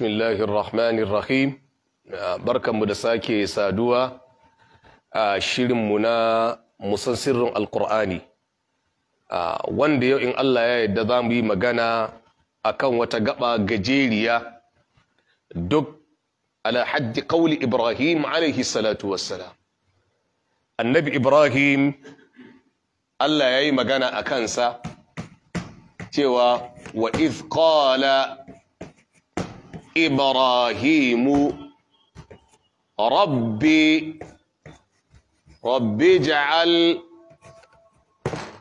Bismillahirrahmanirrahim. Ah, barkanmu da sake saduwa a shirinmu na musan sirrin Alƙur'ani. Ah, wanda yau in Allah ya yarda za mu yi magana a kan wata gaba gajeriya duk ala ƙauli Ibrahim alaihi salatu wassalam. Annabi Ibrahim Allah ya yi magana a kansa cewa wa iz qala إبراهيم ربي رب اجعل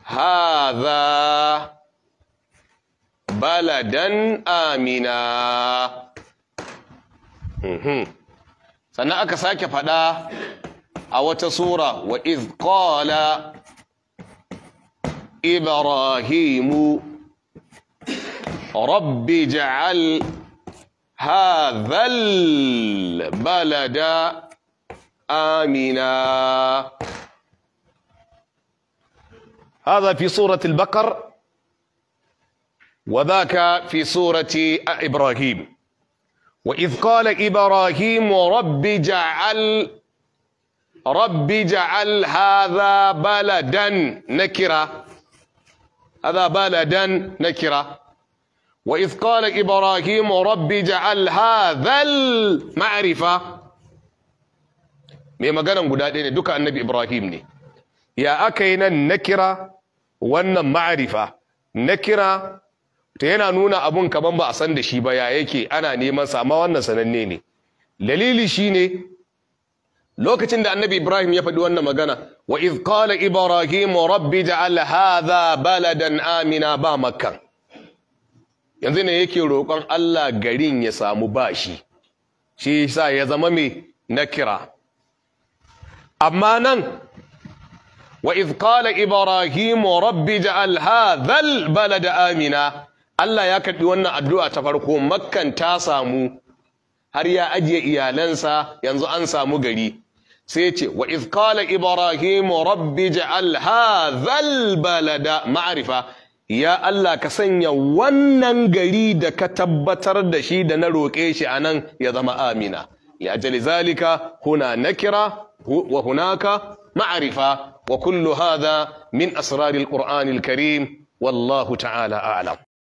هذا baladan amina sannan aka sake faɗa a wata sura wa izkola ibrahimu rabbi ja'al هذا البلد آمنا هذا في سورة البقر وذاك في سورة إبراهيم وإذ قال إبراهيم رب جعل رب جعل هذا بلدا نكرة هذا بلدا نكرة وإذ قال إبراهيم رب جعل هذا المعرفة mai maganan guda ɗaya ne duka annabi Ibrahim ne ya aka yi nan na kira wannan ma'arifa na kira ta yana nuna abun kaman ba a san da shi ba ya yake ana neman sama wannan sananne ne dalili shine lokacin da annabi Ibrahim ya faɗi wannan magana wa iz qala ibrahim rabbi ja'al hadha baladan amina ba makkan yanzu ne yake roƙon Allah garin ya samu bashi shi sa ya zama mai nakira amma nan wa Ibrahimu qala rabbi ja'al hadha amina Allah ya karɓi wannan addu'a ta farko makkan ta samu har ya ajiye iyalansa yanzu an samu gari sai ce wa Ibrahimu qala ibrahim rabbi ja'al hadha al ya Allah ka sanya wannan gari da ka tabbatar da shi da na roƙe shi a nan ya zama amina ya jali zalika huna nakira wa hunaka ma'arifa wa kullu hadha min asraril qur'anil karim wallahu ta'ala a'lam